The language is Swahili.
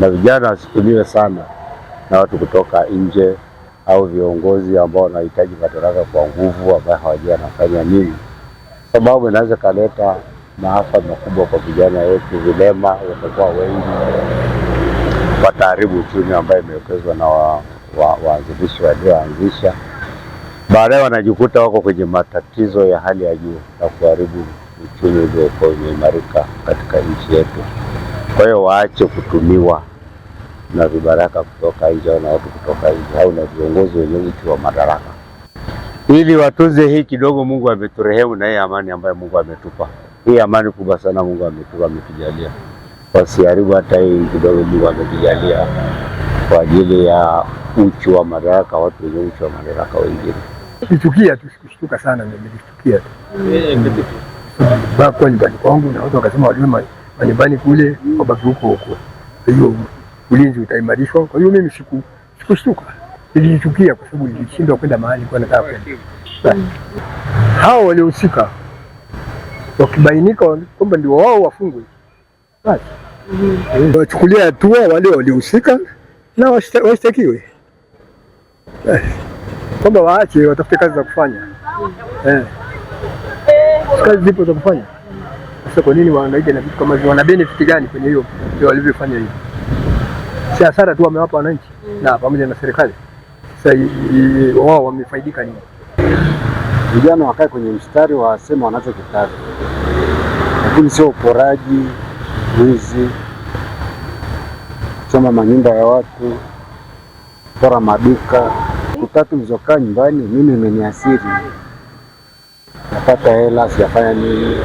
na vijana wasitumiwe sana na watu kutoka nje au viongozi ambao wanahitaji madaraka kwa nguvu, ambayo hawajua anafanya nini, sababu inaweza kaleta maafa makubwa kwa vijana wetu. Vilema wamekuwa wengi, wataharibu uchumi ambayo imewekezwa na waanzilishi wa, wa, walioanzisha. Baadaye wanajikuta wako kwenye matatizo ya hali ya juu na kuharibu uchumi uliokuwa umeimarika katika nchi yetu. Kwa hiyo waache kutumiwa na vibaraka kutoka nje au na watu kutoka nje au na viongozi wenye uchu wa madaraka, ili watunze hii kidogo Mungu ameturehemu na hii amani ambayo Mungu ametupa. Hii amani kubwa sana Mungu ametupa, ametujalia, wasiharibu hata hii kidogo Mungu ametujalia kwa ajili ya uchu wa madaraka, watu wenye uchu wa madaraka wengine. Nitukia tu, sikushtuka sana, nilishtukia tu bakwa nyumbani kwangu, na watu wakasema waliwe manyumbani kule, wabaki huko huko, hiyo ulinzi utaimarishwa. Kwa hiyo mimi siku sikushtuka, nilichukia kwa sababu nilishindwa kwenda mahali kwa nataka kwenda. Hao waliohusika wakibainika kwamba ndio wao wafungwe, basi mhm. wachukulia hatua wale waliohusika na washtakiwe, kwamba waache watafute kazi za kufanya. Eh. Kazi zipo za kufanya. Sasa kwa nini waangaike na vitu kama hivyo? Wana benefit gani kwenye hiyo walivyofanya hivi? si hasara tu wamewapa wananchi mm. na pamoja na serikali. Sasa wao wamefaidika nini? Vijana wakae kwenye mstari wasema wanachokitaka, lakini sio uporaji, wizi, kuchoma manyumba ya watu, pora maduka. Siku tatu nilizokaa nyumbani mimi imeniasiri, napata hela, sijafanya nini